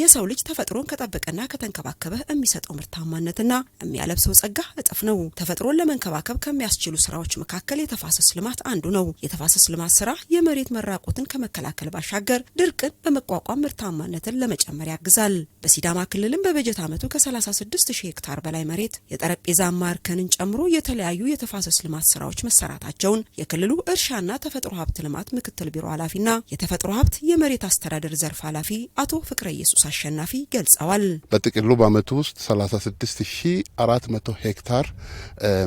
የሰው ልጅ ተፈጥሮን ከጠበቀና ከተንከባከበ የሚሰጠው ምርታማነትና የሚያለብሰው ጸጋ እጥፍ ነው። ተፈጥሮን ለመንከባከብ ከሚያስችሉ ስራዎች መካከል የተፋሰስ ልማት አንዱ ነው። የተፋሰስ ልማት ስራ የመሬት መራቆትን ከመከላከል ባሻገር ድርቅን በመቋቋም ምርታማነትን ለመጨመር ያግዛል። በሲዳማ ክልልም በበጀት ዓመቱ ከ36 ሺህ ሄክታር በላይ መሬት የጠረጴዛ ማርከንን ጨምሮ የተለያዩ የተፋሰስ ልማት ስራዎች መሰራታቸውን የክልሉ እርሻና ተፈጥሮ ሀብት ልማት ምክትል ቢሮ ኃላፊና የተፈጥሮ ሀብት የመሬት አስተዳደር ዘርፍ ኃላፊ አቶ ፍቅረ ኢየሱስ አሸናፊ ገልጸዋል። በጥቅሉ በአመቱ ውስጥ 36400 ሄክታር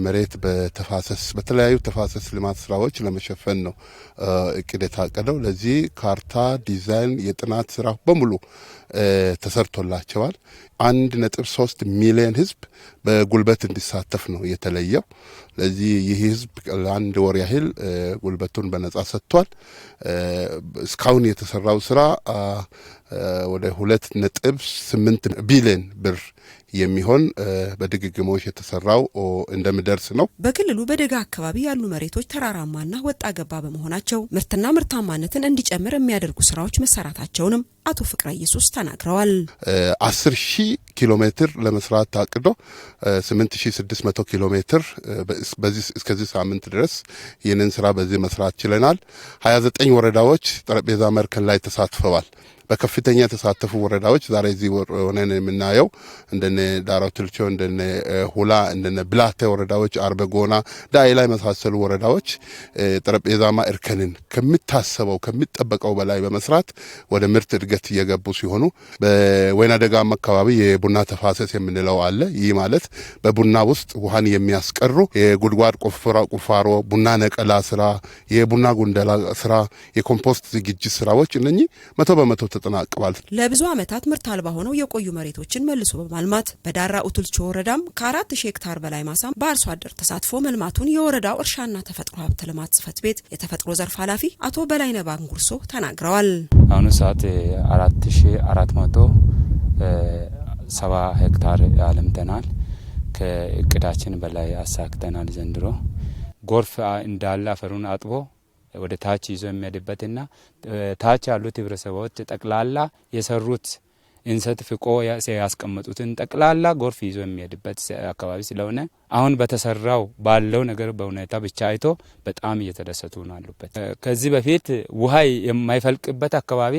መሬት በተፋሰስ በተለያዩ ተፋሰስ ልማት ስራዎች ለመሸፈን ነው እቅድ የታቀደው። ለዚህ ካርታ ዲዛይን፣ የጥናት ስራ በሙሉ ተሰርቶላቸዋል። አንድ ሶስት ሚሊዮን ህዝብ በጉልበት እንዲሳተፍ ነው የተለየው። ለዚህ ይህ ህዝብ ለአንድ ወር ያህል ጉልበቱን በነጻ ሰጥቷል። እስካሁን የተሰራው ስራ ወደ ሁለት ነጥብ ስምንት ቢሊዮን ብር የሚሆን በድግግሞች የተሰራው እንደሚደርስ ነው። በክልሉ በደጋ አካባቢ ያሉ መሬቶች ተራራማና ወጣ ገባ በመሆናቸው ምርትና ምርታማነትን እንዲጨምር የሚያደርጉ ስራዎች መሰራታቸውንም አቶ ፍቅረ ኢየሱስ ተናግረዋል። አስር ሺ ኪሎ ሜትር ለመስራት ታቅዶ ስምንት ሺ ስድስት መቶ ኪሎ ሜትር እስከዚህ ሳምንት ድረስ ይህንን ስራ በዚህ መስራት ችለናል። ሀያ ዘጠኝ ወረዳዎች ጠረጴዛ መርከን ላይ ተሳትፈዋል። በከፍተኛ የተሳተፉ ወረዳዎች ዛሬ እዚህ ሆነን የምናየው እንደነ ዳራው ትልቾ፣ እንደነ ሁላ፣ እንደነ ብላቴ ወረዳዎች፣ አርበ ጎና፣ ላይ መሳሰሉ ወረዳዎች ጠረጴዛማ እርከንን ከሚታሰበው ከሚጠበቀው በላይ በመስራት ወደ ምርት እድገት ሂደት እየገቡ ሲሆኑ በወይና ደጋማ አካባቢ የቡና ተፋሰስ የምንለው አለ። ይህ ማለት በቡና ውስጥ ውሃን የሚያስቀሩ የጉድጓድ ቁፋሮ፣ ቡና ነቀላ ስራ፣ የቡና ጉንደላ ስራ፣ የኮምፖስት ዝግጅት ስራዎች እነኚህ መቶ በመቶ ተጠናቅቋል። ለብዙ ዓመታት ምርት አልባ ሆነው የቆዩ መሬቶችን መልሶ በማልማት በዳራ ኡቱልቾ ወረዳም ከአራት ሺህ ሄክታር በላይ ማሳ በአርሶ አደር ተሳትፎ መልማቱን የወረዳው እርሻና ተፈጥሮ ሀብት ልማት ጽሕፈት ቤት የተፈጥሮ ዘርፍ ኃላፊ አቶ በላይነባን ጉርሶ ተናግረዋል። አሁኑ ሰዓት አራት ሺ አራት መቶ ሰባ ሄክታር አልምተናል። ከእቅዳችን በላይ አሳክተናል። ዘንድሮ ጎርፍ እንዳለ አፈሩን አጥቦ ወደ ታች ይዞ የሚሄድበትና ታች ያሉት ህብረተሰቦች ጠቅላላ የሰሩት እንሰት ፍቆ ያስቀመጡትን ጠቅላላ ጎርፍ ይዞ የሚሄድበት አካባቢ ስለሆነ አሁን በተሰራው ባለው ነገር በእውነታ ብቻ አይቶ በጣም እየተደሰቱ ነው አሉበት። ከዚህ በፊት ውሃ የማይፈልቅበት አካባቢ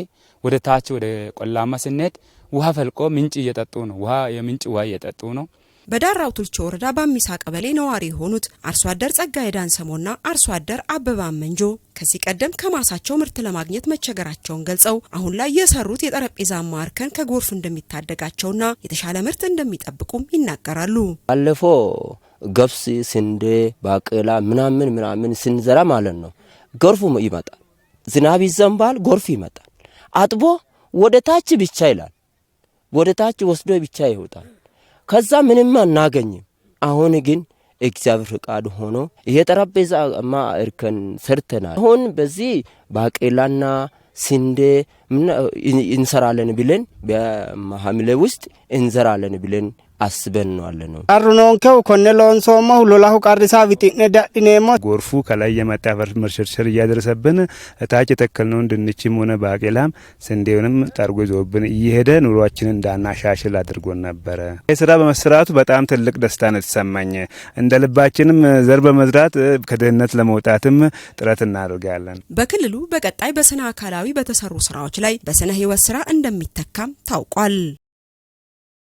ወደ ታች ወደ ቆላማ ስንሄድ ውሃ ፈልቆ ምንጭ እየጠጡ ነው። ውሃ የምንጭ ውሃ እየጠጡ ነው። በዳራው አውቶልቾ ወረዳ በአሚሳ ቀበሌ ነዋሪ የሆኑት አርሶ አደር ጸጋዬ ዳንሰሞና አርሶ አደር አበባ መንጆ ከዚህ ቀደም ከማሳቸው ምርት ለማግኘት መቸገራቸውን ገልጸው አሁን ላይ የሰሩት የጠረጴዛ ማርከን ከጎርፍ እንደሚታደጋቸውና የተሻለ ምርት እንደሚጠብቁም ይናገራሉ። ባለፈው ገብስ፣ ስንዴ፣ ባቄላ ምናምን ምናምን ስንዘራ ማለት ነው ጎርፉ ይመጣል። ዝናብ ይዘንባል፣ ጎርፍ ይመጣል። አጥቦ ወደ ታች ብቻ ይላል። ወደ ታች ወስዶ ብቻ ይወጣል። ከዛ ምንም አናገኝም። አሁን ግን እግዚአብሔር ፍቃድ ሆኖ ይሄ ጠረጴዛማ እርከን ሰርተናል። አሁን በዚህ ባቄላና ስንዴ እንሰራለን ብለን በሐምሌ ውስጥ እንዘራለን ብለን አስበን ነዋለ ነው ቀሩ ከው ኮነ ለወንሶሞ ሁሎላሁ ሎላሁ ቃሪሳ ቢጢነ ዳዲኔሞ ጎርፉ ከላይ የመጣ መሸርሸር እያደረሰብን እታች የተከልነውን ድንችም ሆነ ባቄላም ስንዴውንም ጠርጎ ይዞብን እየሄደ ኑሯችን እንዳናሻሽል አድርጎን ነበረ። ስራ በመስራቱ በጣም ትልቅ ደስታ ነው የተሰማኝ። እንደ ልባችንም ዘር በመዝራት ከድህነት ለመውጣትም ጥረት እናደርጋለን። በክልሉ በቀጣይ በስነ አካላዊ በተሰሩ ስራዎች ላይ በስነ ህይወት ስራ እንደሚተካም ታውቋል።